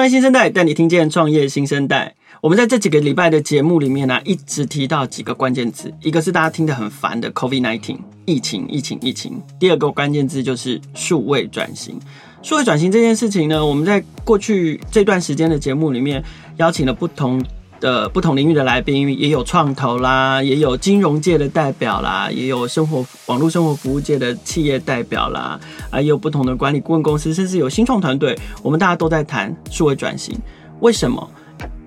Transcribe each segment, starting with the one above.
創業新聲帶帶你聽見創業新聲帶。我們在這幾個禮拜的節目裡面呢、啊，一直提到幾個關鍵字，一個是大家聽得很煩的 COVID-19 疫情、疫情、疫情。第二個關鍵字就是數位轉型。數位轉型這件事情呢，我們在過去這段時間的節目裡面邀請了不同的不同領域的來賓，也有創投啦，也有金融界的代表啦，也有生活網絡生活服務界的企業代表啦，啊，也有不同的管理顧問公司，甚至有新創團隊。我們大家都在談數位轉型，為什麼？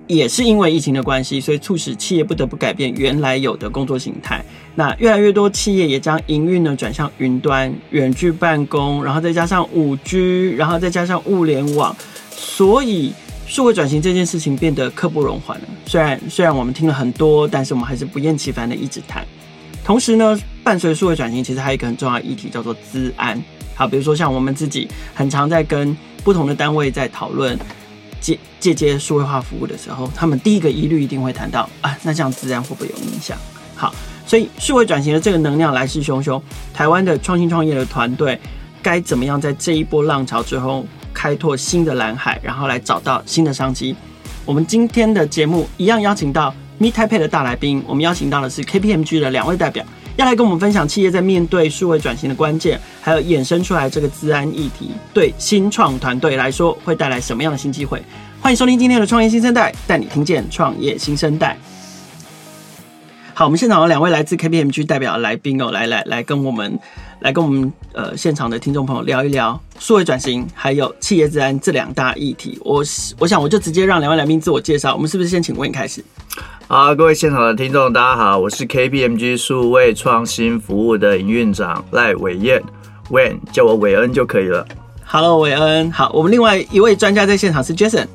也是因為疫情的關係，所以促使企業不得不改變原來有的工作形態。那越來越多企業也將營運呢轉向雲端、遠距辦公，然後再加上 5G，然後再加上物聯網，所以。數位轉型這件事情變得刻不容緩了。雖然雖然我們聽了很多，但是我們還是不厭其煩的一直談。同時呢，伴隨數位轉型，其實還有一個很重要的議題叫做資安。好，比如說像我們自己很常在跟不同的單位在討論借借接數位化服務的時候，他們第一個疑慮一定會談到啊，那這樣資安會不會有影響？好，所以數位轉型的這個能量來勢洶洶，台灣的創新創業的團隊該怎麼樣在這一波浪潮之後？開拓新的藍海，然後來找到新的商機。我們今天的節目一樣邀請到 Meet Taipei 的大來賓，我們邀請到的是 KPMG 的兩位代表，要來跟我們分享企業在面對數位轉型的關鍵，還有衍生出來這個資安議題對新創團隊來說會帶來什麼樣的新機會。歡迎收聽今天的創業新聲帶，帶你聽見創業新聲帶。好，我們現場有兩位來自 KPMG 代表來賓哦，來來來，跟我們來跟我們，跟我們呃現場的聽眾朋友聊一聊數位轉型還有企業資安這兩大議題。我我想我就直接讓兩位來賓自我介紹。我們是不是先請 Wayne 開始？好，各位現場的聽眾，大家好，我是 KPMG 數位創新服務的營運長賴偉燕 Wayne 叫我偉恩就可以了。Hello，偉恩。好，我們另外一位專家在現場是 Jason。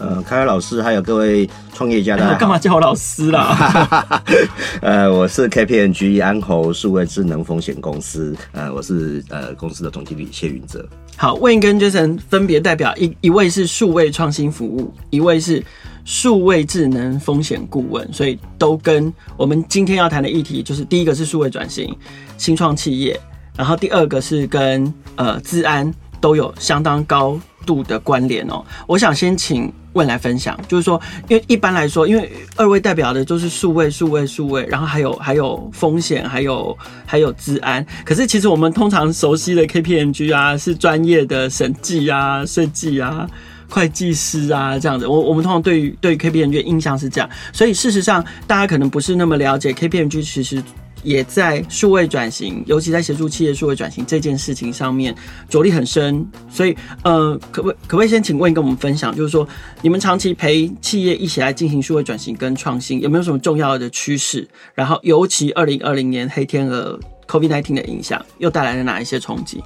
呃，開開老師，還有各位創業家的，幹、哎、嘛叫我老師啦。 呃，我是 KPMG 安侯數位智能風險公司，呃，我是呃公司的總經理謝昀澤。好，Wayne 跟 Jason 分別代表一一位是數位創新服務，一位是數位智能風險顧問，所以都跟我們今天要談的議題，就是第一個是數位轉型、新創企業，然後第二個是跟呃資安都有相當高度的關聯哦、喔，我想先請問來分享，就是說，因為一般來說，因為二位代表的就是數位、數位、數位，然後還有還有風險，還有還有資安。可是其實我們通常熟悉的 K P M G 啊，是專業的審計啊、設計啊、會計師啊這樣子。我我們通常對於對於 K P M G 的印象是這樣，所以事實上大家可能不是那麼了解 K P M G，其實。也在數位轉型，尤其在協助企業數位轉型這件事情上面着力很深。所以，呃，可不，可不可以先請問跟我們分享，就是說，你們長期陪企業一起來進行數位轉型跟創新，有沒有什麼重要的趨勢？然後，尤其2020年黑天鵝 COVID-19 的影響，又帶來了哪一些衝擊？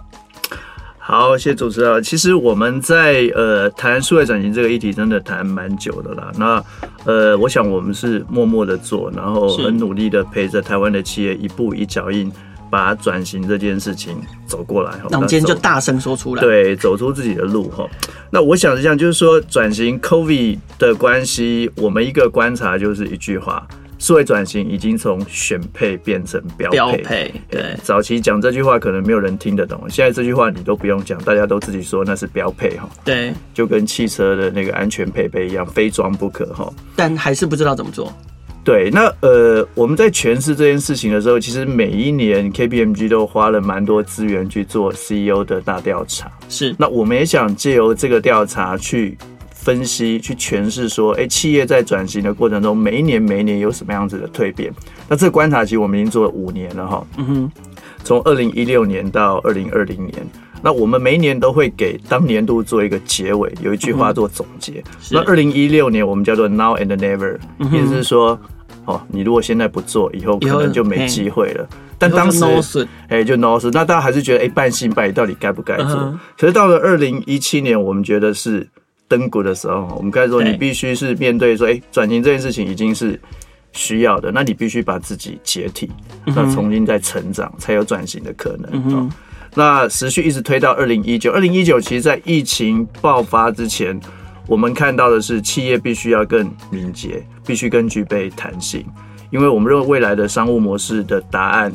好，謝謝主持人。其實我們在呃談數位轉型這個議題，真的談蠻久的啦。那呃，我想我們是默默的做，然後很努力的陪着台灣的企業，一步一腳印把轉型這件事情走過來。那我們今天就大聲說出來，對，走出自己的路齁。那我想是這樣，就是說，轉型 COVID 的關係，我們一個觀察就是一句話。數位轉型已經從選配變成標配。標配，對。欸，早期講這句話可能沒有人聽得懂，現在這句話你都不用講，大家都自己說那是標配哈。對，就跟汽車的那個安全配備一樣，非裝不可哈。但還是不知道怎麼做。對，那呃，我們在詮釋這件事情的時候，其實每一年 KPMG 都花了蠻多資源去做 CEO 的大調查。是，那我們也想借由這個調查去。分析去詮釋說，哎、欸，企業在轉型的過程中，每一年每一年有什麼樣子的蛻變？那這個觀察期我們已經做了五年了哈，嗯哼，從二零一六年到二零二零年，那我們每一年都會給當年度做一個結尾，有一句話做總結。嗯、那二零一六年我們叫做 now and never，、嗯、也就是說，哦，你如果現在不做，以後可能就沒機會了。但當時，哎、no 欸，就 now 那大家還是覺得，哎、欸，半信半疑，到底該不該做？其、嗯、是到了二零一七年，我們覺得是。登谷的時候，我們剛才說，你必須是面對說，哎，轉型這件事情已經是需要的，那你必須把自己解體、嗯，那重新再成長，才有轉型的可能、嗯哦。那持續一直推到二零一九，二零一九，其實在疫情爆發之前，我們看到的是企業必須要更敏捷，必須更具備彈性，因為我們認為未來的商務模式的答案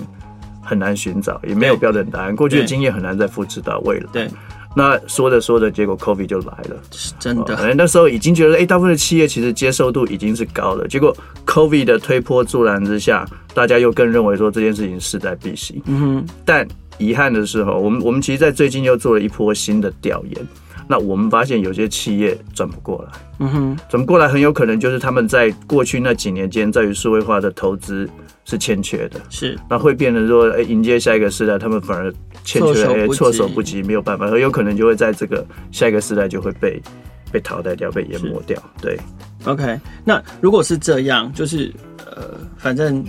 很難尋找，也沒有標準答案，過去的經驗很難再複製到未來。對。對那說着說着，結果 COVID 就來了，是真的。可能那時候已經覺得，哎、欸，大部分的企業其實接受度已經是高了。結果 COVID 的推波助瀾之下，大家又更認為說，這件事情勢在必行。嗯哼、但遺憾的是哈，我們我們其實在最近又做了一波新的調研，那我們發現有些企業轉不過來。嗯哼，轉不過來很有可能就是他們在過去那幾年間在於數位化的投資。是欠缺的，是那會變成說，哎、欸，迎接下一個時代，他們反而欠缺，哎，措手不及，欸、措手不及沒有辦法，很有可能就會在這個下一個時代就會被被淘汰掉，被淹沒掉。對，OK，那如果是這樣，就是呃，反正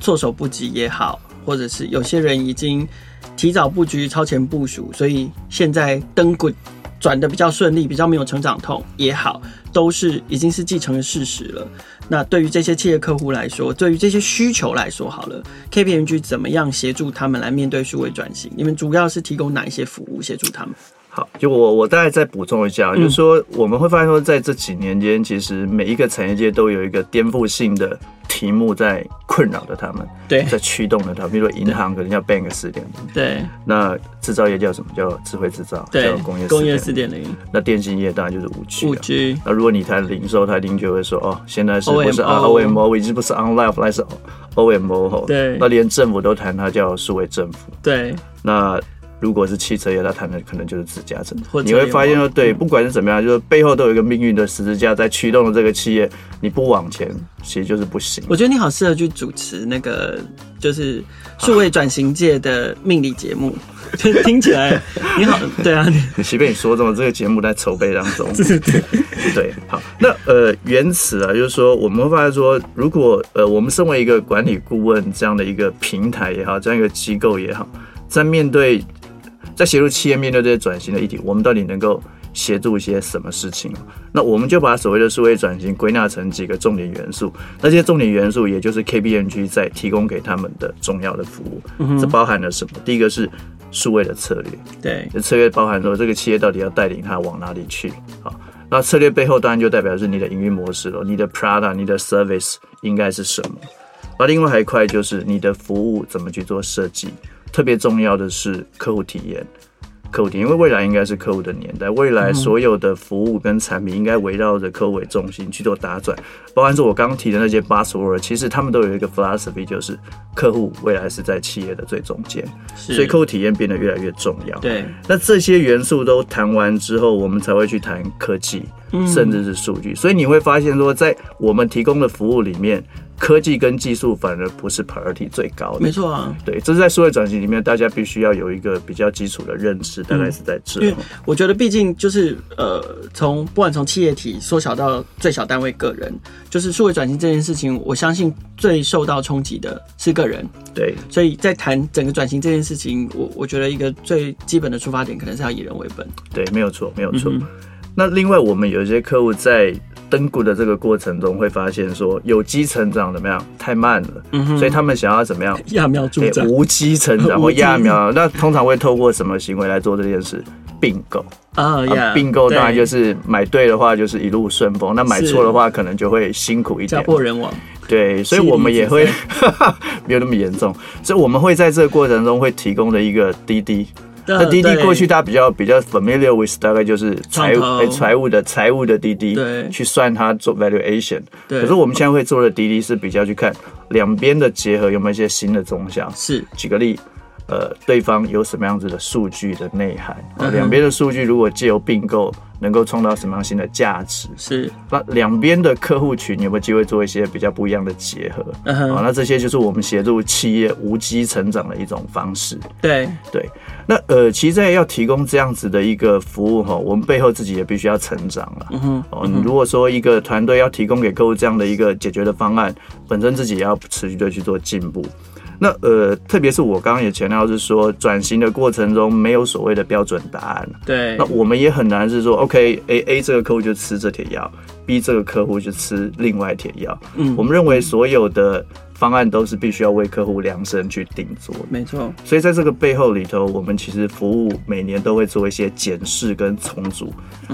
措手不及也好，或者是有些人已經提早布局、超前部署，所以現在燈轉得比較順利，比較沒有成長痛也好，都是已經是既成的事實了。那對於這些企業客戶來說，對於這些需求來說，好了，KPMG 怎麼樣協助他們來面對數位轉型？你們主要是提供哪一些服務協助他們？就我我大概再補充一下，就是說我們會發現說，在這幾年間、嗯，其實每一個產業界都有一個顛覆性的題目在困擾着他們，對，在驅動着他們。比如說銀行可能叫 bank 4.0，對。那製造業叫什麼叫智慧製造，對叫工業4.0，工業4.0。那電信業當然就是五 G，五 G。那如果你談零售，他一定就會說，哦，現在是不是啊 OMO, O-M-O, O M O，已經不是，on life, 是 on life，那是 O M O，對。那連政府都談它叫數位政府，對。那如果是汽車業，它談的可能就是自駕車。你會發現說，對，不管是怎麼樣，嗯、就是背後都有一個命運的十字架在驅動的這個企業。你不往前，其實就是不行。我覺得你好適合去主持那個就是數位轉型界的命理節目，聽起來你好 對啊。你隨便你說怎麼，這個節目在籌備當中。對對對，對，好。那呃，原始啊，就是說我們會發現說，如果呃，我們身為一個管理顧問這樣的一個平台也好，這樣一個機構也好，在面對在協助企業面對這些轉型的議題，我們到底能夠協助一些什麼事情？那我們就把所謂的數位轉型歸納成幾個重點元素，那些重點元素也就是 KPMG 在提供給他們的重要的服務，嗯、這包含了什麼？第一個是數位的策略，對，就是、策略包含說這個企業到底要帶領它往哪裡去，好，那策略背後當然就代表是你的營運模式了，你的 product 你的 service 應該是什麼？而另外還一塊就是你的服務怎麼去做設計。特別重要的是客戶體驗，客戶體驗，因為未來應該是客戶的年代，未來所有的服務跟產品應該圍繞着客戶為中心去做打轉，包括是我剛提的那些 buswor，其實他們都有一個 philosophy，就是客戶未來是在企業的最中間，所以客戶體驗變得越來越重要。對，那這些元素都談完之後，我們才會去談科技，甚至是數據。所以你會發現，說在我們提供的服務裡面。科技跟技術反而不是 priority 最高的，沒錯啊，對，這是在數位轉型裡面，大家必須要有一個比較基礎的認識、嗯，大概是在這。因為我覺得，畢竟就是呃，從不管從企業體縮小到最小單位個人，就是數位轉型這件事情，我相信最受到衝擊的是個人。對，所以在談整個轉型這件事情，我我覺得一個最基本的出發點，可能是要以人為本。對，沒有錯，沒有錯、嗯。那另外，我們有一些客戶在。登谷的這個過程中，會發現說有機成長怎麼樣太慢了、嗯，所以他們想要怎麼樣揠苗助長？欸、無機成長或揠苗，那通常會透過什麼行為來做這件事？併購、oh, yeah, 啊，併購當然就是買對的話就是一路順風，那買錯的話可能就會辛苦一點家破人亡。對，所以我們也會哈哈 沒有那麼嚴重， 所以我們會在這個過程中會提供的一個滴滴。那 DD 過去它比較比較 familiar with，大概就是財財務的財務的 DD，去算它做 valuation。可是我們現在會做的 DD 是比較去看兩邊的結合有沒有一些新的縱向。是，舉個例。呃，對方有什麼樣子的數據的內涵？嗯、兩邊的數據如果借由併購，能夠創造什麼樣新的價值？是，那兩邊的客戶群有沒有機會做一些比較不一樣的結合？嗯好、哦，那這些就是我們協助企業無機成長的一種方式。對對，那呃，其實在要提供這樣子的一個服務哈、哦，我們背後自己也必須要成長了。嗯、哦、如果說一個團隊要提供給客戶這樣的一個解決的方案，本身自己也要持續的去做進步。那呃，特別是我剛剛也強調是說，轉型的過程中沒有所謂的標準答案。對，那我們也很難是說，OK，A A, A 這個客戶就吃這帖藥，B 這個客戶就吃另外帖藥。嗯，我們認為所有的方案都是必須要為客戶量身去定做。沒、嗯、錯、嗯。所以在這個背後裡頭，我們其實服務每年都會做一些檢視跟重組。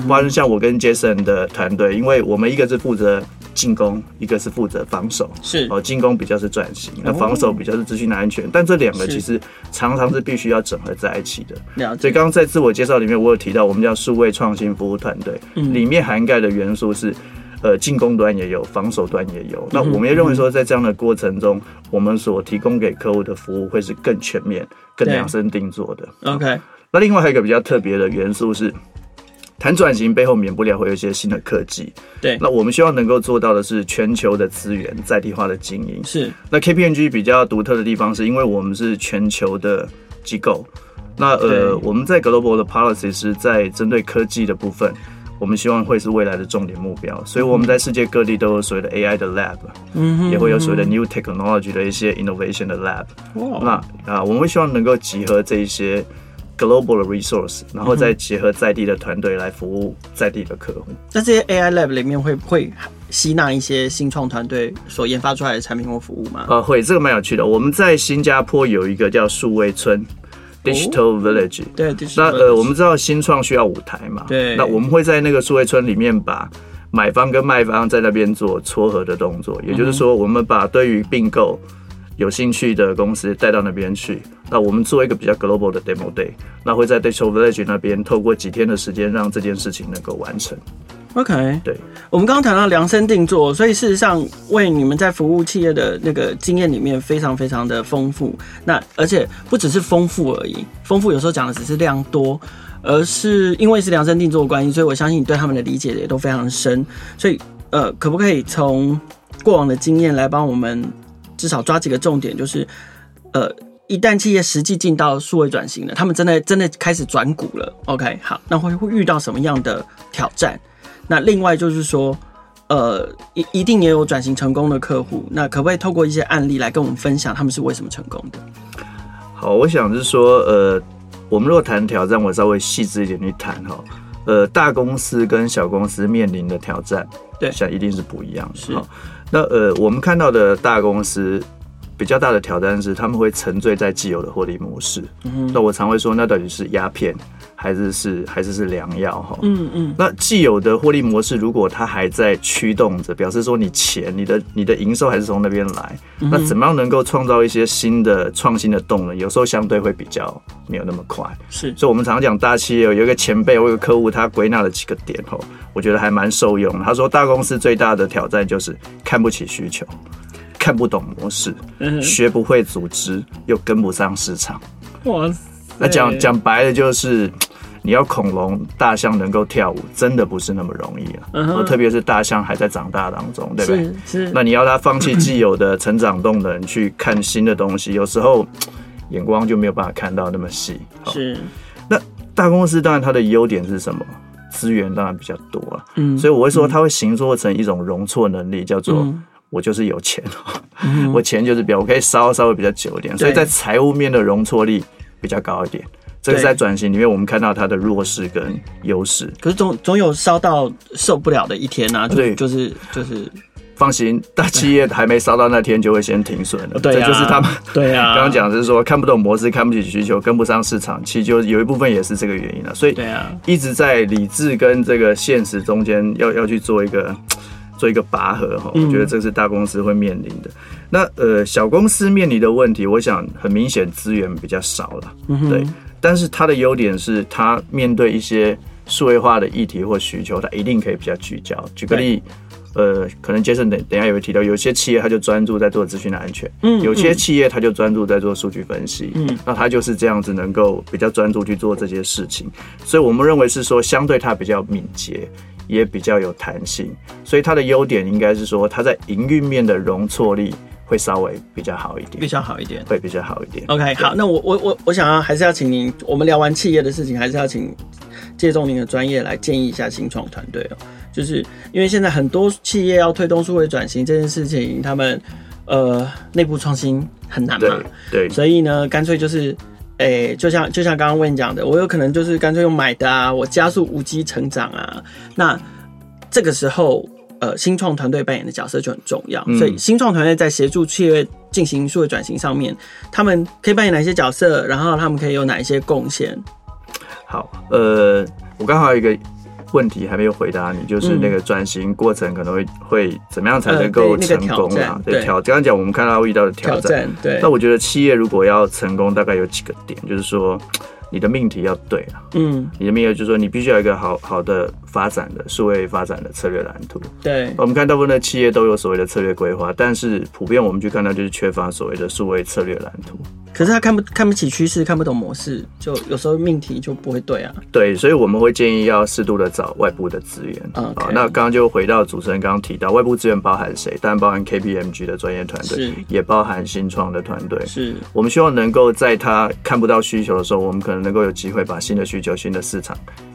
不然像我跟 Jason 的團隊，因為我們一個是負責。進攻，一個是負責防守，是哦，進攻比較是轉型，那防守比較是資訊的安全，哦、但這兩個其實常常是必須要整合在一起的。所以剛剛在自我介紹裡面，我有提到我們叫數位創新服務團隊、嗯，裡面涵蓋的元素是，呃，進攻端也有，防守端也有。嗯、那我們也認為說，在這樣的過程中，嗯、我們所提供給客戶的服務會是更全面、更量身定做的、嗯。OK。那另外還有一個比較特別的元素是，談轉型背後免不了會有一些新的科技，對。那我們希望能夠做到的是全球的資源在地化的經營。是。那 KPMG 比較獨特的地方是因為我們是全球的機構，那呃我們在 global 的 policy 是在針對科技的部分，我們希望會是未來的重點目標，所以我們在世界各地都有所謂的 AI 的 lab，嗯，哼嗯哼，也會有所謂的 new technology 的一些 innovation 的 lab。哇。那啊、呃，我們會希望能夠集合這一些。global resource，然後再結合在地的團隊來服務在地的客戶。那、嗯、這些 AI Lab 裡面會會吸納一些新創團隊所研發出來的產品或服務嗎？啊，會，這個蠻有趣的。我們在新加坡有一個叫數位村、哦、（Digital Village），對，Digital Village，那呃，我們知道新創需要舞台嘛，對，那我們會在那個數位村裡面把買方跟賣方在那邊做撮合的動作。嗯、也就是說，我們把對於併購有興趣的公司帶到那邊去。那我們做一個比較 global 的 demo day，那會在 digital village 那邊，透過幾天的時間，讓這件事情能夠完成。OK，對我們剛剛談到量身定做，所以事實上為你們在服務企業的那個經驗裡面非常非常的豐富。那而且不只是豐富而已，豐富有時候講的只是量多，而是因為是量身定做的關係，所以我相信你對他們的理解也都非常深。所以呃，可不可以從過往的經驗來幫我們至少抓幾個重點，就是呃。一旦企業實際進到數位轉型了，他們真的真的開始轉股了。OK，好，那會會遇到什麼樣的挑戰？那另外就是說，呃，一一定也有轉型成功的客戶。那可不可以透過一些案例來跟我們分享他們是為什麼成功的？好，我想是說，呃，我們如果談挑戰，我稍微細緻一點去談哈。呃，大公司跟小公司面臨的挑戰，對，現在一定是不一樣的。是，好那呃，我們看到的大公司。比較大的挑戰是，他們會沉醉在既有的獲利模式，嗯。那我常會說，那到底是鴉片還是是還是是良藥哈？嗯嗯。那既有的獲利模式，如果它還在驅動着，表示說你錢、你的、你的營收還是從那邊來，嗯，那怎麼樣能夠創造一些新的創新的動能？有時候相對會比較沒有那麼快。是，所以我們常常講大企業有一個前輩或一個客戶，他歸納了幾個點吼，我覺得還蠻受用的。他說，大公司最大的挑戰就是看不起需求。看不懂模式，學不會組織，又跟不上市場。哇，那講講白了就是，你要恐龍、大象能夠跳舞，真的不是那麼容易啊。Uh -huh. 特別是大象還在長大當中，對不對？是。是那你要他放棄既有的成長動能， 去看新的東西，有時候眼光就沒有辦法看到那麼細。是。那大公司當然它的優點是什麼？資源當然比較多啊。嗯。所以我會說，它會形作成一種容錯能力，嗯、叫做。我就是有錢、喔，我錢就是比較，我可以燒稍微比較久一點，所以在財務面的容錯力比較高一點。這個在轉型裡面，我們看到它的弱勢跟優勢。可是總總有燒到受不了的一天吶，對，就是就是，放心，大企業還沒燒到那天，就會先停損了。對，就是他們，對呀，剛剛講的是說看不懂模式，看不起需求，跟不上市場，其實就有一部分也是這個原因了。所以，對啊，一直在理智跟這個現實中間要要去做一個。做一個拔河哈，我覺得這是大公司會面臨的、嗯。那呃，小公司面臨的問題，我想很明顯資源比較少了、嗯，對。但是它的優點是，它面對一些數位化的議題或需求，它一定可以比較聚焦。舉個例，呃，可能傑森等等下也會提到，有些企業他就專注在做資訊的安全，嗯，有些企業他就專注在做數據分析，嗯，嗯，那他就是這樣子能夠比較專注去做這些事情，所以我們認為是說相對它比較敏捷。也比較有彈性，所以它的優點應該是說，它在營運面的容錯力會稍微比較好一點，比較好一點，會比較好一點。OK，好，那我我我我想要啊，還是要請您，我們聊完企業的事情，還是要請借重您的專業來建議一下新創團隊哦。就是因為現在很多企業要推動數位轉型這件事情，他們呃內部創新很難嘛，對，對，所以呢，乾脆就是。哎、欸，就像就像剛剛問講的，我有可能就是乾脆用買的啊，我加速無機成長啊。那這個時候，呃，新創團隊扮演的角色就很重要。嗯、所以，新創團隊在協助企業進行數位轉型上面，他們可以扮演哪些角色？然後，他們可以有哪一些貢獻？好，呃，我剛好有一個。問題還沒有回答你，就是那個轉型過程可能會、嗯、會怎麼樣才能夠成功啊？呃、對、那個、挑，對挑，剛剛講我們看到遇到的挑戰，那我覺得企業如果要成功，大概有幾個點，就是說你的命題要對啊，嗯，你的命題就是說你必須要有一個好好的。發展的數位發展的策略藍圖，對我們看大部分的企業都有所謂的策略規劃，但是普遍我們去看到就是缺乏所謂的數位策略藍圖。可是他看不看不起趨勢，看不懂模式，就有時候命題就不會對啊。對，所以我們會建議要適度的找外部的資源啊、Okay。那剛剛就回到主持人剛剛提到，外部資源包含誰？當然包含 KPMG 的專業團隊，也包含新創的團隊。是我們希望能夠在他看不到需求的時候，我們可能能夠有機會把新的需求、新的市場。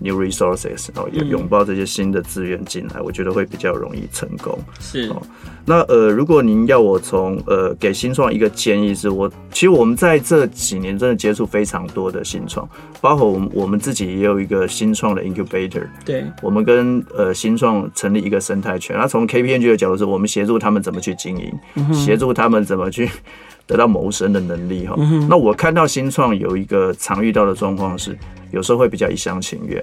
New resources，然後也擁抱這些新的資源進來，嗯，我覺得會比較容易成功。是哦，那呃，如果您要我從呃給新創一個建議是，是我其實我們在這幾年真的接觸非常多的新創，包括我們我們自己也有一個新創的 incubator，對，我們跟呃新創成立一個生態圈。那從 KPMG 的角度是我們協助他們怎麼去經營，協、嗯、助他們怎麼去得到謀生的能力哈、哦嗯。那我看到新創有一個常遇到的狀況是。有時候會比較一廂情願，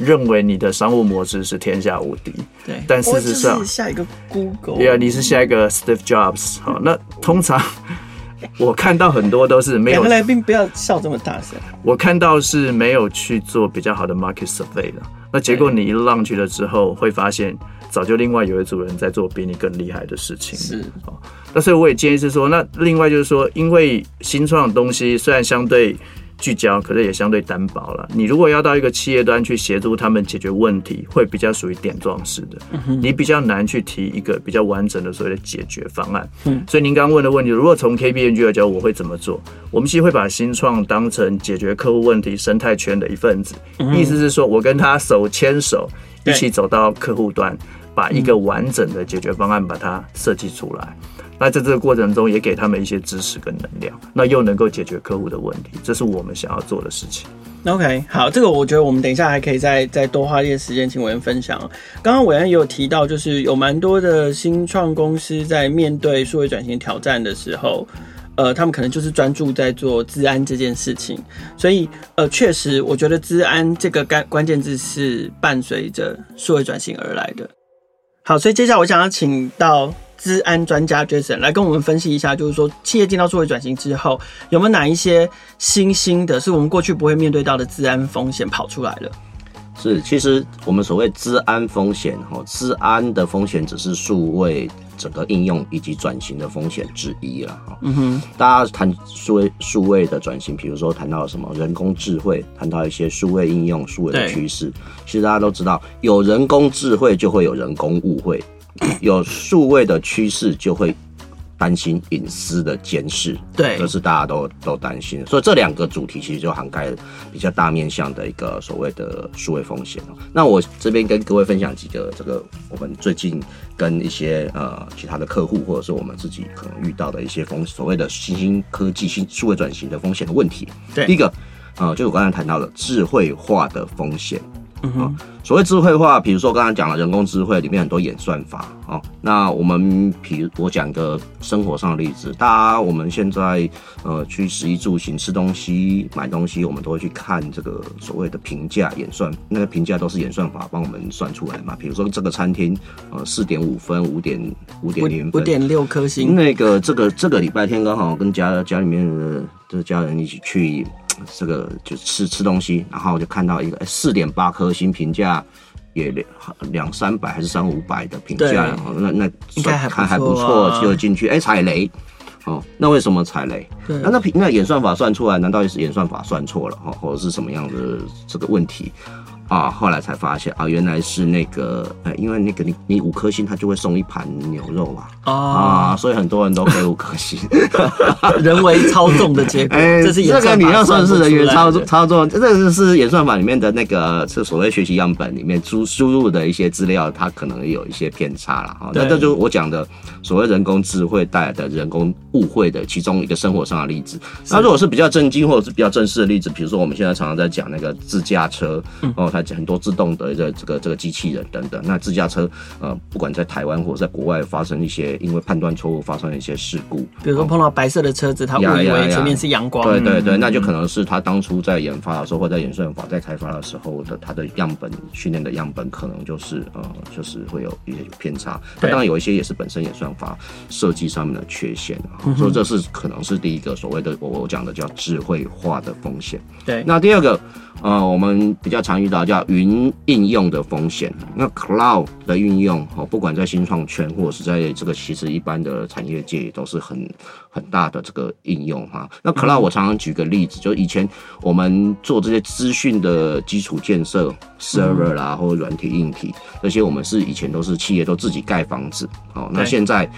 認為你的商務模式是天下無敵。對，但事實上，下一個 Google，yeah, 你是下一個 Steve Jobs。嗯。喔，那通常 我看到很多都是沒有來賓不要笑這麼大聲。我看到是沒有去做比較好的 market survey 的。那結果你一 launch 了之後，會發現早就另外有一組人在做比你更厲害的事情。是啊，喔，那所以我也建議是說，那另外就是說，因為新創的東西雖然相對聚焦，可是也相對單薄了。你如果要到一個企業端去協助他們解決問題，會比較屬於點狀式的、嗯，你比較難去提一個比較完整的所謂的解決方案。嗯、所以您剛剛問的問題，如果從 KPMG 要講，我會怎麼做？我們其實會把新創當成解決客戶問題生態圈的一份子，嗯、意思是說我跟他手牽手一起走到客戶端，把一個完整的解決方案把它設計出來。那在這個過程中，也給他們一些知識跟能量，那又能夠解決客戶的問題，這是我們想要做的事情。OK，好，這個我覺得我們等一下還可以再再多花一些時間，請偉恩分享。剛剛偉恩也有提到，就是有蠻多的新創公司在面對數位轉型挑戰的時候，呃，他們可能就是專注在做資安這件事情，所以呃，確實，我覺得資安這個關關鍵字是伴隨着數位轉型而來的。好，所以接下來我想要請到資安專家 Jason 來跟我們分析一下，就是說企業進到數位轉型之後，有沒有哪一些新興的，是我們過去不會面對到的資安風險跑出來了？是，其實我們所謂資安風險，哈，資安的風險只是數位。整個應用以及轉型的風險之一了哈，嗯哼，大家談數位數位的轉型，比如說談到什麼人工智慧，談到一些數位應用、數位的趨勢，其實大家都知道，有人工智慧就會有人工誤會，有數位的趨勢就會。擔心隱私的監視，對，這是大家都都擔心的，所以這兩個主題其實就涵蓋了比較大面向的一個所謂的數位風險。那我這邊跟各位分享幾個這個我們最近跟一些呃其他的客戶或者是我們自己可能遇到的一些風所謂的新興科技新數位轉型的風險的問題。對，第一個，啊、呃，就我剛才談到的智慧化的風險。啊、嗯，所謂智慧化，比如說剛才講了人工智慧，裡面很多演算法啊。那我們，比如我講個生活上的例子，大家我們現在呃去食衣住行吃東西買東西，我們都會去看這個所謂的評價演算，那個評價都是演算法幫我們算出來嘛。比如說這個餐廳，呃，四點五分，五點五點零分，五點六顆星。那個這個這個禮拜天剛好跟家家裡面的就家人一起去。這個就吃吃東西，然後就看到一個四點八顆星評價，也兩兩三百還是三五百的評價，那那看還不錯，啊，就進去，哎，欸，踩雷，哦，那為什麼踩雷？啊，那那評那演算法算出來，難道也是演算法算錯了？哦，或者是什麼樣的這個問題？啊、哦，後來才發現啊，原來是那個，哎、欸，因為那個你你五顆星，他就會送一盤牛肉嘛，Oh. 啊，所以很多人都給五顆星， 人為操縱的結果，哎，這是演算法算、欸、這算、個、你要算是人為操作操作，這是是演算法裡面的那個是所謂學習樣本裡面輸輸入的一些資料，它可能有一些偏差了哈、哦，那這就是我講的所謂人工智慧帶來的人工誤會的其中一個生活上的例子。那、啊、如果是比較震驚或者是比較正式的例子，比如說我們現在常常在講那個自駕車，哦。嗯很多自動的這這個這個機器人等等，那自駕車呃，不管在台灣或者在國外發生一些因為判斷錯誤發生一些事故，比如說碰到白色的車子，它、嗯、誤以為前面是陽光、啊啊啊，對對對，那就可能是他當初在研發的時候或者在演算法在開發的時候的它的樣本訓練的樣本可能就是呃就是會有一些偏差，但當然有一些也是本身演算法設計上面的缺陷、嗯，所以這是可能是第一個所謂的我我講的叫智慧化的風險。對，那第二個呃，我們比較常遇到、啊。叫雲應用的風險，那 cloud 的應用，哦，不管在新創圈或者是在這個其實一般的產業界都是很很大的這個應用哈。那 cloud 我常常舉個例子，嗯、就以前我們做這些資訊的基礎建設、嗯、server 啦、啊，或者軟體、硬體，那些我們是以前都是企業都自己蓋房子，哦，那現在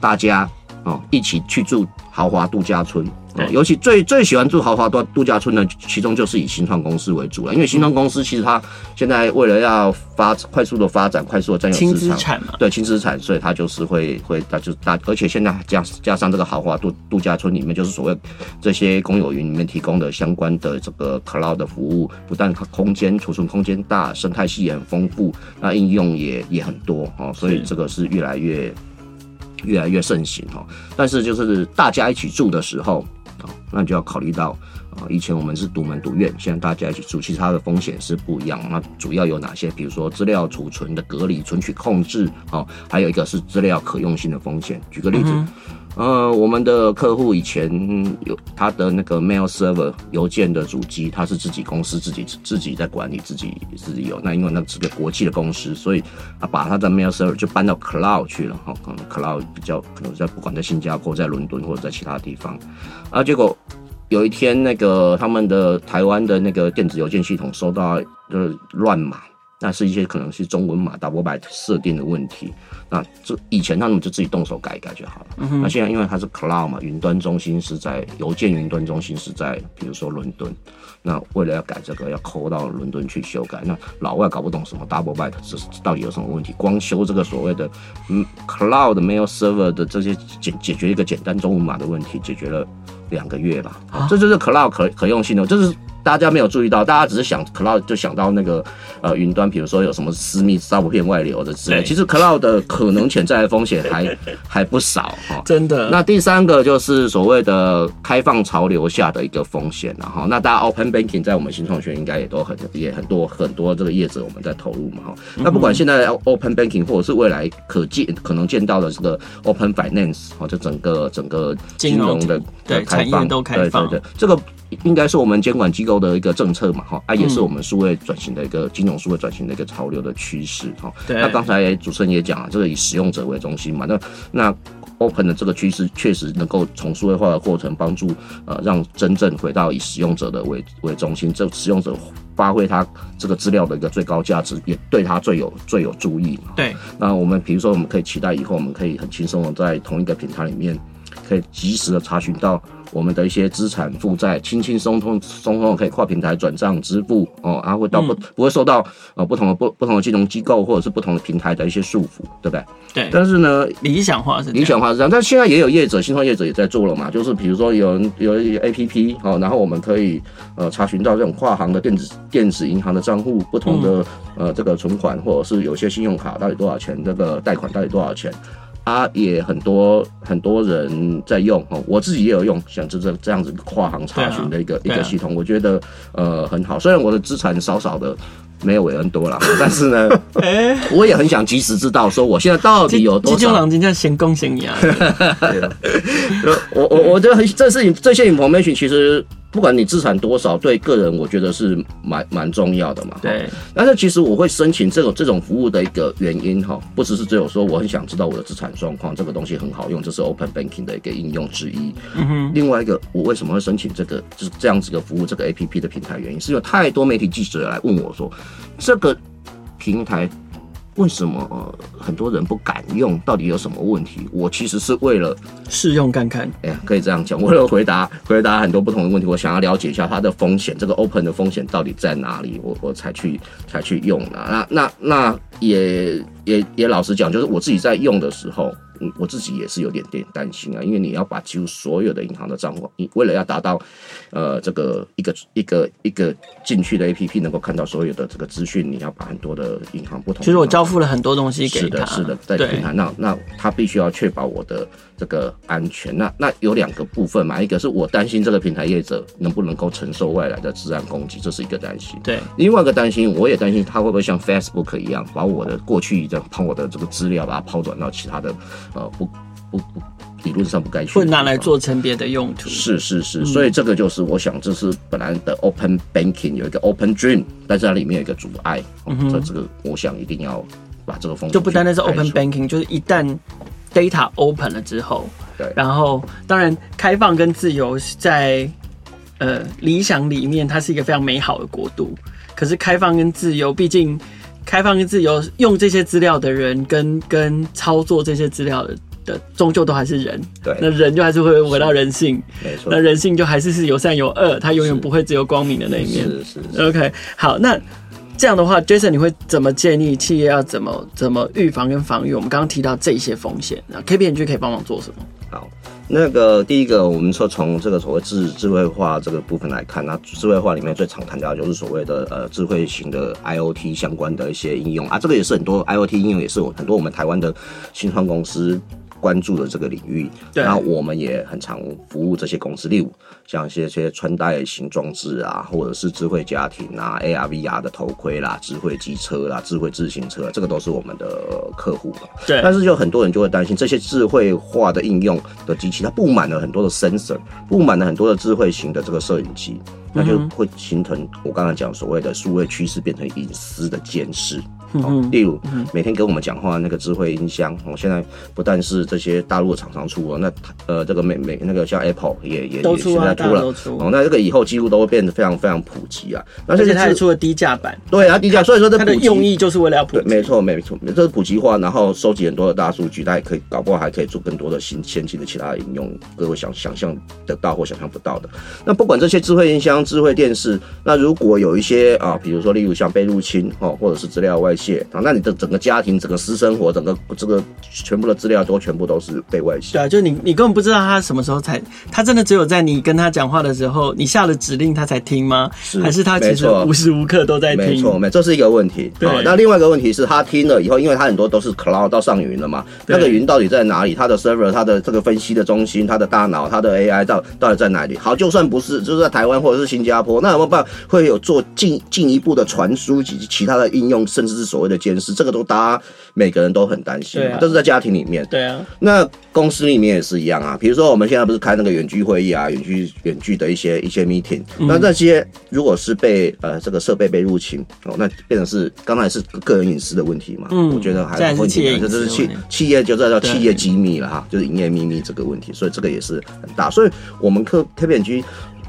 大家哦一起去住豪華度假村。尤其最最喜歡住豪華度度假村的，其中就是以新創公司為主了。因為新創公司其實它現在為了要發快速的發展，快速的占有資產嘛，對，輕資產，所以它就是會會它就大，而且現在加加上這個豪華度度假村裡面，就是所謂這些公有雲裡面提供的相關的這個 cloud 的服務，不但它空間儲存空間大，生態系也很豐富，那應用也也很多哦，所以這個是越來越越來越盛行哦，但是就是大家一起住的時候，那就要考慮到。以前我們是獨門獨院，現在大家一起住，其實它的風險是不一樣的。那主要有哪些？比如說資料儲存的隔離、存取控制，啊，還有一個是資料可用性的風險。舉個例子，嗯，呃，我們的客戶以前有他的那個 mail server 郵件的主機，他是自己公司自己自己在管理，自己自己有。那因為那是個國際的公司，所以他把他的 mail server 就搬到 cloud 去了。哈、嗯，可能 cloud 比較可能在不管在新加坡、在倫敦或者在其他地方，啊、呃，結果。有一天，那個他們的台灣的那個電子郵件系統收到就是亂碼，那是一些可能是中文碼 double byte 設定的問題。那這以前他們就自己動手改一改就好了。嗯、那現在因為它是 cloud 嘛，雲端中心是在郵件雲端中心是在比如說倫敦。那為了要改這個，要摳到倫敦去修改。那老外搞不懂什麼 double byte 是到底有什麼問題，光修這個所謂的嗯 cloud mail server 的這些解，解決一個簡單中文碼的問題，解決了。兩個月吧，啊，啊？這就是 Cloud 可可用性的，這是。大家沒有注意到，大家只是想 cloud 就想到那個呃雲端，比如說有什麼私密照片外流的之類。其實 cloud 的可能潛在的風險還 還不少哈，真的。那第三個就是所謂的開放潮流下的一個風險，啊，然那大家 open banking 在我們新創圈應該也都很也很多很多這個業者我們在投入嘛哈。那不管現在 open banking 或者是未來可見可能見到的是這個 open finance 哈，就整個整個金融的金融對產業都開放對對對，嗯，這個。應該是我們監管機構的一個政策嘛，哈啊，也是我們數位轉型的一個、嗯、金融數位轉型的一個潮流的趨勢，哈。那剛才主持人也講了，這個以使用者為中心嘛，那那 open 的這個趨勢確實能夠從數位化的過程幫助呃，讓真正回到以使用者的為為中心，這使用者發揮他這個資料的一個最高價值，也對他最有最有助益嘛。對。那我們比如說，我們可以期待以後，我們可以很輕鬆的在同一個平台裡面。可以及時的查詢到我們的一些資產負債，輕輕鬆鬆，鬆鬆的可以跨平台轉賬支付，哦，啊，會到不不會受到呃不同的不不同的金融機構或者是不同的平台的一些束縛，對不對？對。但是呢，理想化是理想化是這樣，但現在也有業者新創業者也在做了嘛，就是比如說有人有一些 APP 哦，然後我們可以呃查詢到這種跨行的電子電子銀行的賬戶，不同的、嗯、呃這個存款或者是有些信用卡到底多少錢，這個貸款到底多少錢。它也很多很多人在用，哦，我自己也有用，像這這這樣子跨行查詢的一個、啊、一個系統，啊、我覺得呃很好。雖然我的資產少少的，沒有維恩多了， 但是呢， 我也很想及時知道說我現在到底有多少。金九今天先恭喜你啊！我 對我我覺得很，這是這些 information 其實。不管你資產多少，對個人我覺得是蠻蠻重要的嘛。對。但是其實我會申請這個這種服務的一個原因哈，不只是只有說我很想知道我的資產狀況，這個東西很好用，這是 Open Banking 的一個應用之一。嗯哼。另外一個，我為什麼會申請這個，就是這樣子的服務，這個 APP 的平台原因，是有太多媒體記者來問我說，這個平台。為什麼很多人不敢用？到底有什麼問題？我其實是為了試用看看。哎呀，可以這樣講，為了回答回答很多不同的問題，我想要了解一下它的風險，這個 open 的風險到底在哪裡？我我才去才去用呢啊。那那那也也也老實講，就是我自己在用的時候。嗯，我自己也是有點點擔心啊，因為你要把幾乎所有的銀行的賬戶，你為了要達到，呃，這個一個一個一個進去的 APP 能夠看到所有的這個資訊，你要把很多的銀行不同，其實我交付了很多東西給他，是的，是的，在平台上，那，那他必須要確保我的這個安全。那那有兩個部分嘛，一個是我擔心這個平台業者能不能夠承受外來的資安攻擊，這是一個擔心。對，另外一個擔心，我也擔心他會不會像 Facebook 一樣，把我的過去，這樣，把我的這個資料把它拋轉到其他的。呃，不，不，不，不理論上不該去，會拿來做成別的用途，嗯。是是是，所以這個就是我想，這是本來的 open banking 有一個 open dream，但是它裡面有一個阻礙。嗯嗯哼嗯。這個我想一定要把這個封。就不單單是 open banking，就是一旦 data open 了之後，對。然後，當然，開放跟自由是在呃理想裡面，它是一個非常美好的國度。可是，開放跟自由，畢竟。開放跟自由，用這些資料的人跟跟操作這些資料的，終究都還是人。對，那人就還是會回到人性。沒錯，那人性就還是是有善有惡，它永遠不會只有光明的那一面。是是、是、是。OK，好，那這樣的話，Jason，你會怎麼建議企業要怎麼怎麼預防跟防禦？我們剛剛提到這些風險，那 KPI 工可以幫忙做什麼？好。那個第一個，我們說從這個所謂智智慧化這個部分來看，那、啊、智慧化裡面最常談到就是所謂的呃智慧型的 IoT 相關的一些應用啊，這個也是很多 IoT 應用也是很多我們台灣的新創公司。關注的這個領域，對，那我們也很常服務這些公司，例如像一些些穿戴型裝置啊，或者是智慧家庭啊，AR、VR 的頭盔啦，智慧機車啦，智慧自行車，這個都是我們的客戶。對，但是有很多人就會擔心，這些智慧化的應用的機器，它布滿了很多的 sensor，布滿了很多的智慧型的這個攝影機，那就會形成我剛才講所謂的數位趨勢變成隱私的監視。嗯、哦，例如每天跟我們講話那個智慧音箱，哦，現在不但是這些大陸的廠商出了，那呃這個美美，那個像 Apple 也都出也現在出了都出，哦，那這個以後幾乎都會變得非常非常普及啊。那現在是而且它也出了低價版，對啊，低價，所以說它的用意就是為了要普及，沒錯，沒錯，這是普及化，然後收集很多的大數據，它也可以搞不好還可以做更多的新先進的其他應用，各位想想象得到或想象不到的。那不管這些智慧音箱、智慧電視，那如果有一些啊、哦，比如說例如像被入侵哦，或者是資料外。謝啊，那你的整個家庭、整個私生活、整個這個全部的資料都全部都是被外泄？對啊，就你你根本不知道他什麼時候才，他真的只有在你跟他講話的時候，你下了指令他才聽嗎？是還是他其實無時無刻都在聽？沒錯，沒錯，這是一個問題。對。哦、那另外一個問題是，他聽了以後，因為他很多都是 cloud 到上雲了嘛，對，那個雲到底在哪裡？他的 server、他的這個分析的中心、他的大腦、他的 AI 到到底在哪裡？好，就算不是就是在台灣或者是新加坡，那有沒有辦法會有做進進一步的傳輸以及其他的應用，甚至是？所謂的監視，這個都大家每個人都很擔心，這、啊、是在家庭裡面。對啊，那公司裡面也是一樣啊。比如說我們現在不是開那個遠距會議啊，遠距遠距的一些一些 meeting，那、嗯、這些如果是被呃這個設備被入侵哦，那變成是剛才是個人隱私的問題嘛。嗯，我覺得還問題、啊、是企業，這就是企企業就再叫做企業機密了哈，就是營業秘密這個問題、嗯，所以這個也是很大。所以我們特特別局。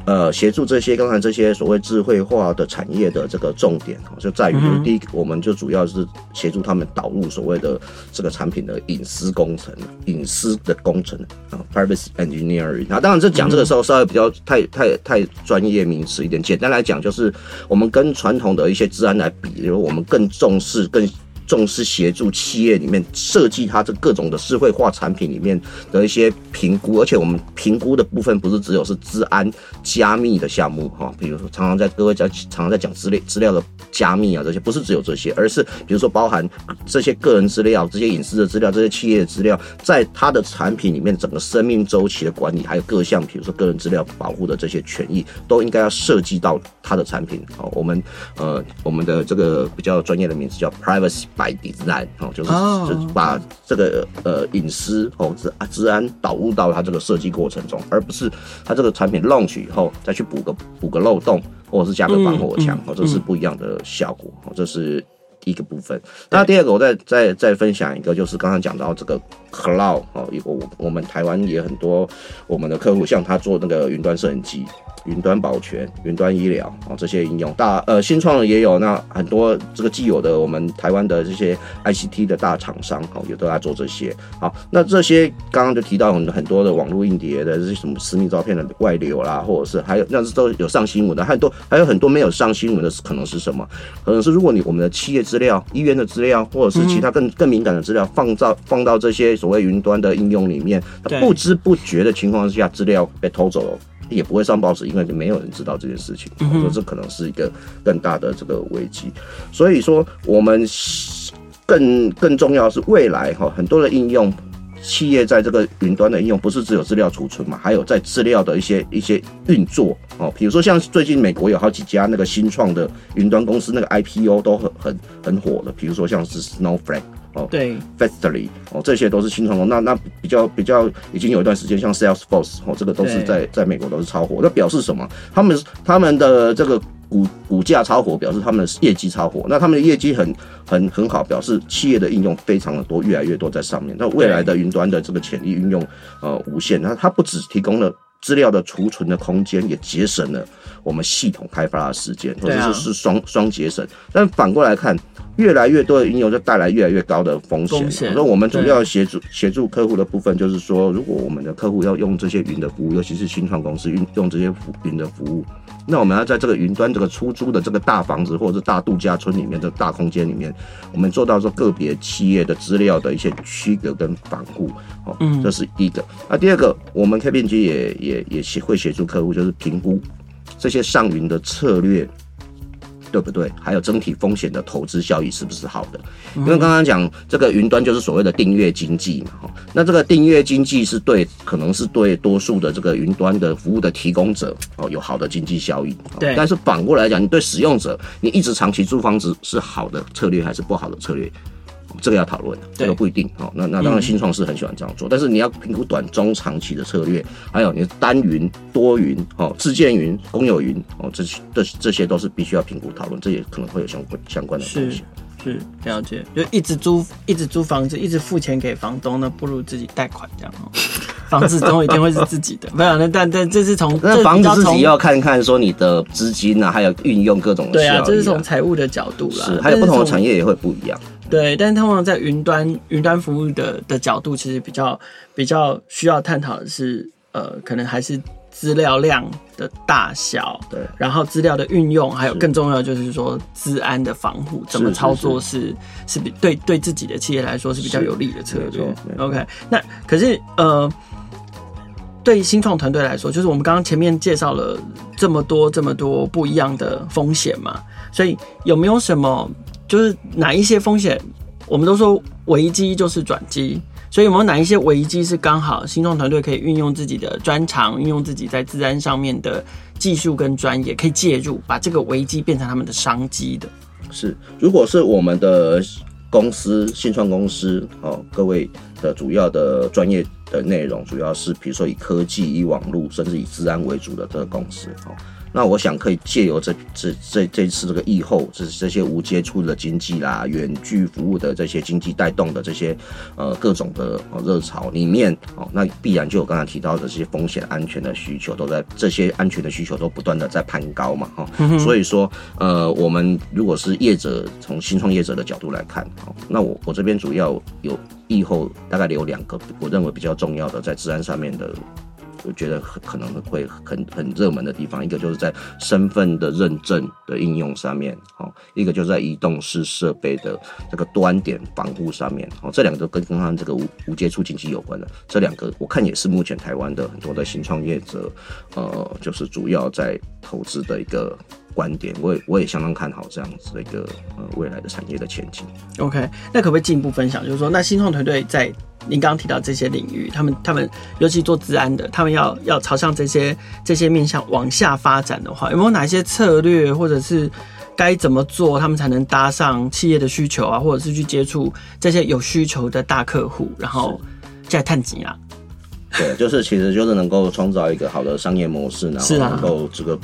呃，協助這些剛才這些所謂智慧化的產業的這個重點啊，就在於第一，我們就主要是協助他們導入所謂的這個產品的隱私工程，隱私的工程、mm -hmm. 啊，privacy engineering。那當然這講這個時候稍微比較太太太專業名詞一點，簡單來講就是我們跟傳統的一些資安來比，比如我們更重視更。重視協助企業裡面設計它這各種的智慧化產品裡面的一些評估，而且我們評估的部分不是只有是資安加密的項目哈、哦，比如說常常在各位講，常常在講資料資料的加密啊這些，不是只有這些，而是比如說包含這些個人資料、這些隱私的資料、這些企業的資料，在它的產品裡面整個生命周期的管理，還有各項比如說個人資料保護的這些權益，都應該要設計到它的產品啊、哦。我們呃，我們的這個比較專業的名字叫 Privacy。by design，哦，就是就把這個呃隱私哦資安導入到他這個設計過程中，而不是他這個產品 launch 以後再去補個補個漏洞，或者是加個防火牆哦、嗯嗯，這是不一樣的效果哦，這是一個部分。那、嗯、第二個，我再再再分享一個，就是剛剛講到這個 cloud 哦，我我們台灣也很多我們的客戶，像他做那個雲端攝影機。雲端保全、雲端醫療啊，這些應用大呃新創的也有，那很多這個既有的我們台灣的這些 ICT 的大廠商哦，也都在做這些。好，那這些剛剛就提到很多的網絡硬碟的這些什麼私密照片的外流啦，或者是還有那是都有上新聞的，很多還有很多沒有上新聞的，可能是什麼？可能是如果你我們的企業資料、醫院的資料，或者是其他更更敏感的資料，放到放到這些所謂雲端的應用裡面，它不知不覺的情況下，資料被偷走了。也不會上報紙，因為你沒有人知道這件事情。說這可能是一個更大的這個危機。嗯，所以說我們更更重要的是未來哈，很多的應用企業在這個雲端的應用，不是只有資料儲存嘛，還有在資料的一些一些運作哦。比如說像最近美國有好幾家那個新創的雲端公司，那個 IPO 都很很很火的，比如說像是 Snowflake。哦，對，Fastly 哦，這些都是新創的。那那比較比較，已經有一段時間，像 Salesforce 哦，這個都是在在美國都是超火。那表示什麼？他們他們的這個股股價超火，表示他們的業績超火。那他們的業績很很很好，表示企業的應用非常的多，越來越多在上面。那未來的雲端的這個潛力運用呃無限。那它不只提供了資料的儲存的空間，也節省了我們系統開發的時間，或者是就是雙雙節省。但反過來看。越來越多的應用就帶來越來越高的風險。那我們主要協助協助客戶的部分就是說，如果我們的客戶要用這些雲的服務，尤其是新創公司運用這些雲的服務，那我們要在這個雲端這個出租的這個大房子或者是大度假村裡面的、這個、大空間裡面，我們做到說個別企業的資料的一些區隔跟防護。哦，嗯，這是一個。那第二個，我們 KPMG 也也也協會協助客戶，就是評估這些上雲的策略，對不對？還有整體風險的投資效益是不是好的？因為剛剛講這個雲端就是所謂的訂閱經濟嘛，那這個訂閱經濟是對，可能是對多數的這個雲端的服務的提供者哦有好的經濟效益。但是反過來講，你對使用者，你一直長期租房子是好的策略還是不好的策略？這個要討論，這個不一定那、哦、那當然，新創是很喜歡這樣做、嗯，但是你要評估短、中、長期的策略，還有你的單雲、多雲、哦，自建雲、公有雲，哦，這些這，這些都是必須要評估討論，這也可能會有相關相關的事情。是是，了解。就一直租一直租房子，一直付錢給房東，那不如自己貸款這樣哦。房子終有一定會是自己的。 沒有，那但但這是從那房子自己要看看說你的資金啊，還有運用各種的、啊。對啊，這是從財務的角度啦是是還有不同的產業也會不一樣。對，但是通常在雲端雲端服務的的角度，其實比較比較需要探討的是，呃，可能還是資料量的大小，對，然後資料的運用，還有更重要的就是說，資安的防護怎麼操作是是比對，對自己的企業來說是比較有利的策略。OK，那可是呃，對於新創團隊來說，就是我們剛剛前面介紹了這麼多這麼多不一樣的風險嘛，所以有沒有什麼？就是哪一些風險，我們都說危機就是轉機，所以有沒有哪一些危機是剛好新創團隊可以運用自己的專長，運用自己在資安上面的技術跟專業，可以介入，把這個危機變成他們的商機的。是，如果是我們的公司新創公司哦，各位的主要的專業的內容，主要是比如說以科技、以網絡，甚至以資安為主的這個公司哦。那我想可以借由這這這這次這個疫後，這這些無接觸的經濟啦、遠距服務的這些經濟帶動的這些呃各種的熱潮裡面，哦，那必然就有剛才提到的這些風險安全的需求都在，這些安全的需求都不斷的在攀高嘛，哈、哦嗯，所以說，呃，我們如果是業者從新創業者的角度來看，哦，那我我這邊主要有疫後大概留兩個我認為比較重要的在資安上面的。我覺得很可能會很很熱門的地方，一個就是在身份的認證的應用上面，哦，一個就是在移動式設備的這個端點防護上面，哦，這兩個都跟剛剛這個無無接觸經濟有關的，這兩個我看也是目前台灣的很多的新創業者，呃，就是主要在投資的一個。觀點，我也我也相當看好這樣子的一個呃未來的產業的前景。OK，那可不可以進一步分享，就是說那新創團隊在您剛剛提到這些領域，他們他們尤其做資安的，他們要要朝向這些這些面向往下發展的話，有沒有哪一些策略或者是該怎麼做，他們才能搭上企業的需求啊，或者是去接觸這些有需求的大客戶，然後再賺錢啊？對，就是其實就是能夠創造一個好的商業模式，然後能夠這個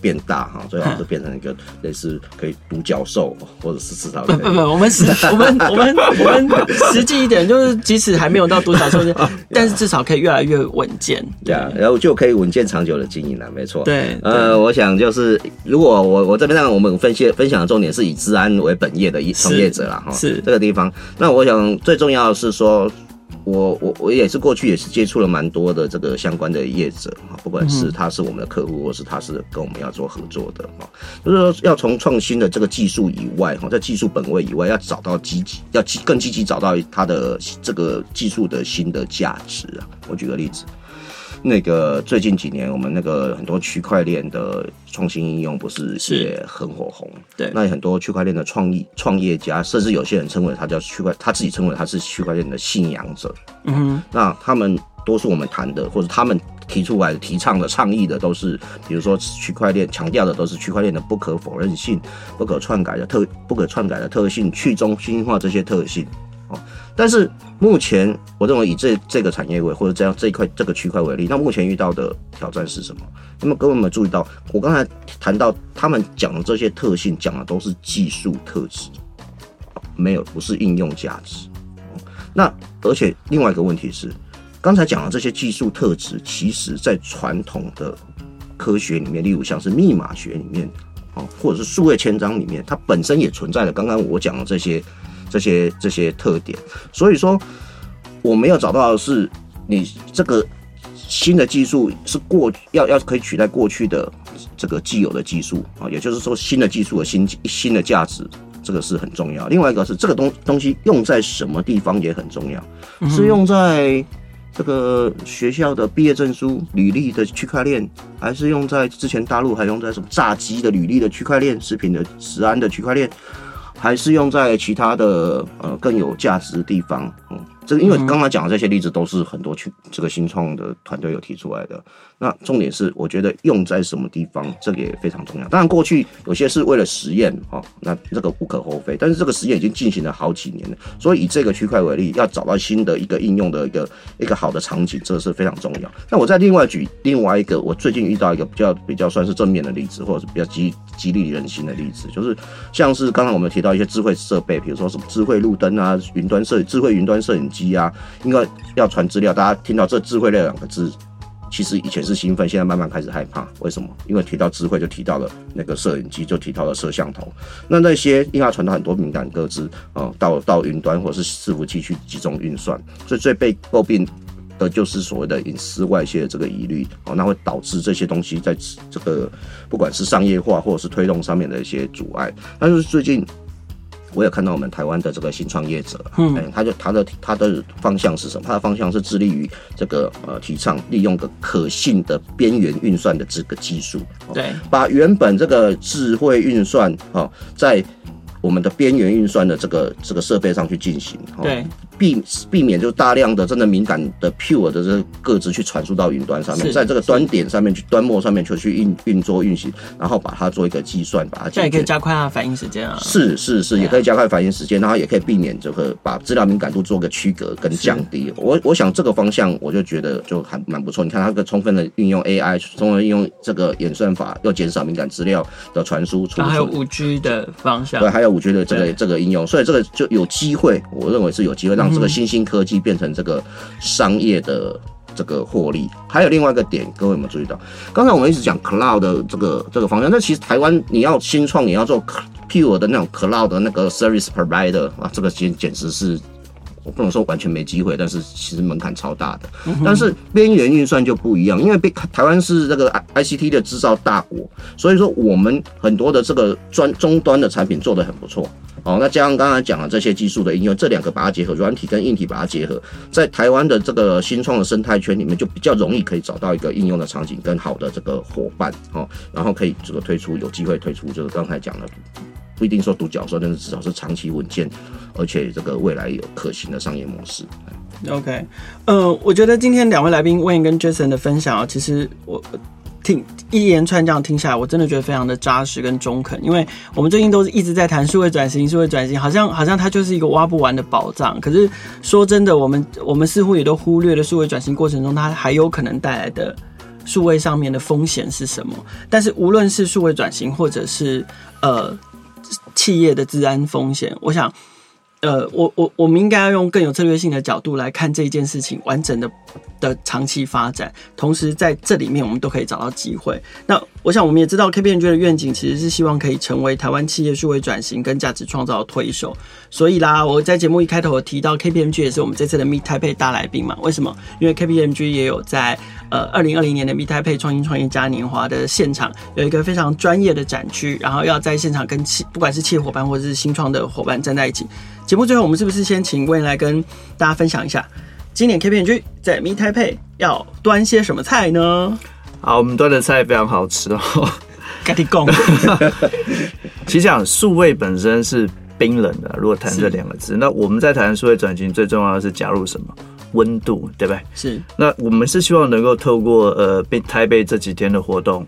變大哈、啊，最好是變成一個類似可以獨角獸、啊，或者是至少不不，不，我們實我們我們 我們實際一點，就是即使還沒有到獨角獸，但是至少可以越來越穩健、啊，對，然後就可以穩健長久的經營了、啊，沒錯。對，呃，我想就是如果我我這邊讓我們分析分享的重點是以資安為本業的一從業者了哈，是這個地方，那我想最重要的是說，我我我也是過去也是接觸了蠻多的這個相關的業者哈，不管是他是我們的客戶，或是他是跟我們要做合作的哈，就是說要從創新的這個技術以外哈，在技術本位以外，要找到積極，要更積極找到他的這個技術的新的價值啊。我舉個例子。那個最近幾年，我們那個很多區塊鏈的創新應用不是也很火紅？對，那很多區塊鏈的創意創業家，甚至有些人稱為他叫區塊，他自己稱為他是區塊鏈的信仰者。嗯，那他們多數我們談的，或者他們提出來的提倡的倡議的，都是比如說區塊鏈強調的都是區塊鏈的不可否認性、不可篡改的特、不可篡改的特性、去中心化這些特性。但是目前，我認為以這這個產業為，或者這樣這一塊這個區塊為例，那目前遇到的挑戰是什麼？那麼各位有沒有注意到，我剛才談到他們講的這些特性，講的都是技術特質，沒有不是應用價值。那而且另外一個問題是，剛才講的這些技術特質，其實在傳統的科學裡面，例如像是密碼學裡面，啊，或者是數位簽章裡面，它本身也存在了。剛剛我講的這些。這些這些特點，所以說我沒有找到的是你這個新的技術是過要要可以取代過去的這個既有的技術啊，也就是說新的技術和新新的價值這個是很重要。另外一個是這個東東西用在什麼地方也很重要，嗯、是用在這個學校的畢業證書、履歷的區塊鏈，還是用在之前大陸還用在什麼炸雞的履歷的區塊鏈、食品的食安的區塊鏈？還是用在其他的，呃，更有價值的地方。嗯，這個因為剛剛講的這些例子都是很多去這個新創的團隊有提出來的。那重點是，我覺得用在什麼地方，這個也非常重要。當然，過去有些是為了實驗，喔，那這個無可厚非。但是這個實驗已經進行了好幾年了，所以以這個區塊為例，要找到新的一個應用的一個一個好的場景，這是非常重要。那我再另外舉另外一個，我最近遇到一個比較比較算是正面的例子，或者是比較激激勵人心的例子，就是像是剛才我們提到一些智慧設備，比如說什麼智慧路燈啊，雲端設智慧雲端。攝影機啊，因為要傳資料，大家聽到這“智慧”類兩個字，其實以前是興奮，現在慢慢開始害怕。為什麼？因為提到智慧，就提到了那個攝影機，就提到了攝像頭。那那些因為要傳到很多敏感個資啊，到到雲端或者是伺服器去集中運算，所以最被詬病的就是所謂的隱私外泄的這個疑慮哦，那會導致這些東西在這個不管是商業化或者是推動上面的一些阻礙。但是最近。我也看到我們台灣的這個新創業者，嗯、欸，他就他的他的方向是什麼？他的方向是致力於這個呃，提倡利用個可信的邊緣運算的這個技術，喔，對，把原本這個智慧運算哈、喔、在，我們的邊緣運算的這個這個設備上去進行，對，避避免就大量的真的敏感的 pure 的這個值去傳輸到雲端上面，在這個端點上面去端末上面去去運運作運行，然後把它做一個計算，把它這也可以加快啊反應時間啊、哦，是是是，是，也可以加快反應時間，然後也可以避免這個把資料敏感度做個區隔跟降低。我我想這個方向我就覺得就還蠻不錯。你看它個充分的運用 AI，充分運用這個演算法，又減少敏感資料的傳輸出，出，它還有 5G 的方向，對，還有。我覺得這個這個應用，所以這個就有機會，我認為是有機會讓這個新興科技變成這個商業的這個獲利。嗯。還有另外一個點，各位有沒有注意到？剛才我們一直講 cloud 的這個這個方向，那其實台灣你要新創，你要做、C、pure 的那種 cloud 的那個 service provider 啊，這個簡簡直是。我不能說完全沒機會，但是其實門檻超大的。但是邊緣運算就不一樣，因為被台灣是這個 ICT 的製造大國，所以說我們很多的這個專終端的產品做得很不錯。哦，那加上剛才講了這些技術的應用，這兩個把它結合，軟體跟硬體把它結合，在台灣的這個新創的生態圈裡面，就比較容易可以找到一個應用的場景跟好的這個夥伴哦，然後可以這個推出，有機會推出，就是剛才講的，不一定說獨角獸，但是至少是長期穩健，而且這個未來有可行的商業模式。OK，呃，我覺得今天兩位來賓 Wayne 跟 Jason 的分享啊，其實我聽一連串這樣聽下來，我真的覺得非常的扎實跟中肯。因為我們最近都是一直在談數位轉型，數位轉型好像好像它就是一個挖不完的寶藏。可是說真的，我們我們似乎也都忽略了數位轉型過程中它還有可能帶來的數位上面的風險是什麼。但是無論是數位轉型，或者是呃。企業的資安風險，我想，呃，我我我們應該要用更有策略性的角度來看這件事情，完整的的長期發展，同時在這裡面我們都可以找到機會。那。我想，我們也知道 KPMG 的願景其實是希望可以成為台灣企業數位轉型跟價值創造的推手。所以啦，我在節目一開頭提到 KPMG 也是我們這次的 Meet Taipei 大來賓嘛？為什麼？因為 KPMG 也有在呃二零二零年的 Meet Taipei 創新創業嘉年華的現場有一個非常專業的展區，然後要在現場跟企，不管是企業夥伴或者是新創的夥伴站在一起。節目最後，我們是不是先請問來跟大家分享一下今年 KPMG 在 Meet Taipei 要端些什麼菜呢？好，我們端的菜非常好吃哦。其實講數位本身是冰冷的，如果談這兩個字，那我們在談數位轉型最重要的是加入什麼？溫度，對不對？是。那我們是希望能夠透過呃被台北這幾天的活動，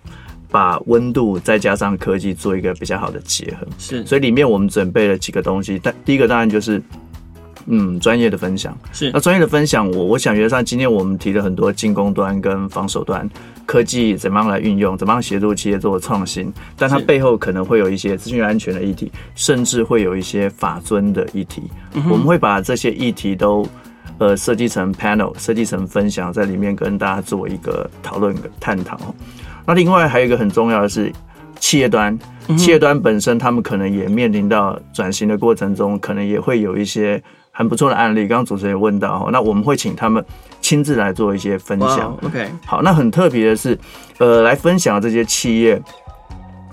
把溫度再加上科技做一個比較好的結合。是。所以裡面我們準備了幾個東西，但第一個當然就是。嗯，專業的分享是那專業的分享，分享我我想覺得像今天我們提了很多進攻端跟防守端科技怎麼樣來運用，怎麼樣協助企業做創新，但它背後可能會有一些資訊安全的議題，甚至會有一些法遵的議題。我們會把這些議題都呃設計成 panel，設計成分享在裡面跟大家做一個討論、探討。那另外還有一個很重要的是企業端，企業端本身他們可能也面臨到轉型的過程中，可能也會有一些。很不錯的案例，剛剛主持人也問到，那我們會請他們親自來做一些分享。Wow, OK，好，那很特別的是，呃，來分享這些企業。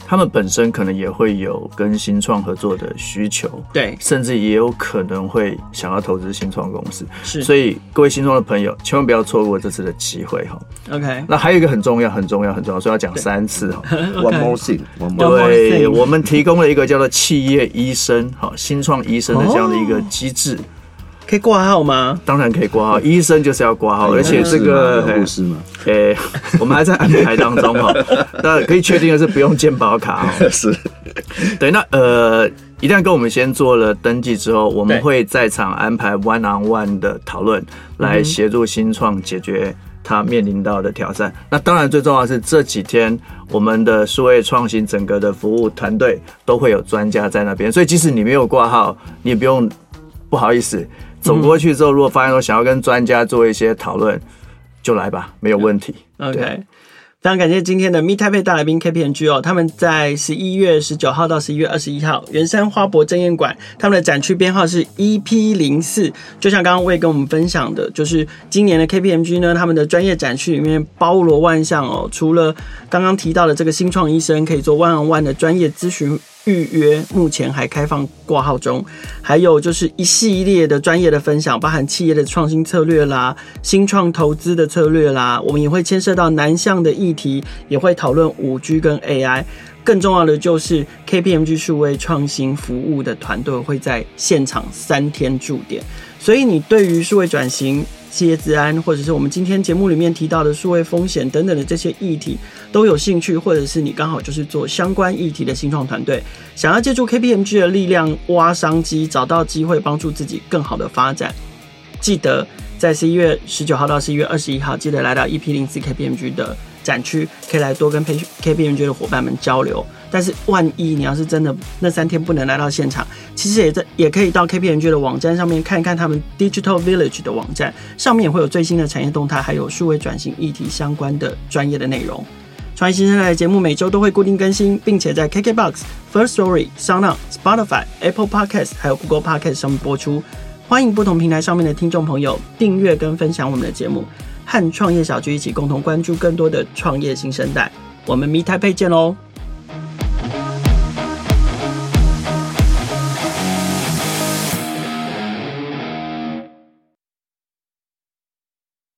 他們本身可能也會有跟新創合作的需求，對，甚至也有可能會想要投資新創公司，是。所以各位新創的朋友，千萬不要錯過這次的機會哈。OK，那還有一個很重要、很重要、很重要，所以要講三次哈。Okay. One more thing. One more thing，對、okay. 我們提供了一個叫做“企業醫生”哈，新創醫生的這樣的一個機制。Oh. 可以掛號嗎？當然可以掛號、哦，醫生就是要掛號、哎，而且、這個、是個護、欸、士嗎？欸、 我們還在安排當中哈、喔。 那可以確定的是不用健保卡、喔。 是。對，那呃，一旦跟我們先做了登記之後，我們會在場安排 one-on-one on one 的討論，來協助新創解決他面臨到的挑戰、嗯。那當然最重要的是這幾天我們的數位創新整個的服務團隊都會有專家在那邊，所以即使你沒有掛號，你也不用不好意思。走過去之後，如果發現說想要跟專家做一些討論，就來吧，沒有問題。OK，非常感謝今天的 Meet Taipei 大來賓 KPMG 哦，他們在十一月十九號到十一月二十一號，圓山花博爭艷館，他們的展區編號是 EP 零四。就像剛剛我也跟我們分享的，就是今年的 KPMG 呢，他們的專業展區裡面包羅萬象哦，除了剛剛提到的這個新創醫生，可以做 One on One 的專業諮詢。預約目前還開放掛號中，還有就是一系列的專業的分享，包含企業的創新策略啦，新創投資的策略啦，我們也會牽涉到南向的議題，也會討論 5G 跟 AI。更重要的就是 KPMG 數位創新服務的團隊會在現場三天駐點，所以你對於數位轉型，企業資安或者是我們今天節目裡面提到的數位風險等等的這些議題，都有興趣，或者是你剛好就是做相關議題的新創團隊，想要借助 KPMG 的力量挖商機，找到機會幫助自己更好的發展，記得在十一月十九號到十一月二十一號，記得來到 EP04 KPMG 的展區，可以來多跟培訓 KPMG 的夥伴們交流。但是，萬一你要是真的那三天不能來到現場，其實也在也可以到 KPMG 的網站上面看一看他們 Digital Village 的網站上面也會有最新的產業動態，還有數位轉型議題相關的專業的內容。創業新聲帶的節目每周都會固定更新，並且在 KKBOX、First Story、SoundOn、Spotify、Apple Podcasts，還有 Google Podcast 上面播出。歡迎不同平台上面的聽眾朋友訂閱跟分享我們的節目，和創業小聚一起共同關注更多的創業新聲帶。我們 Meet Taipei 見囉！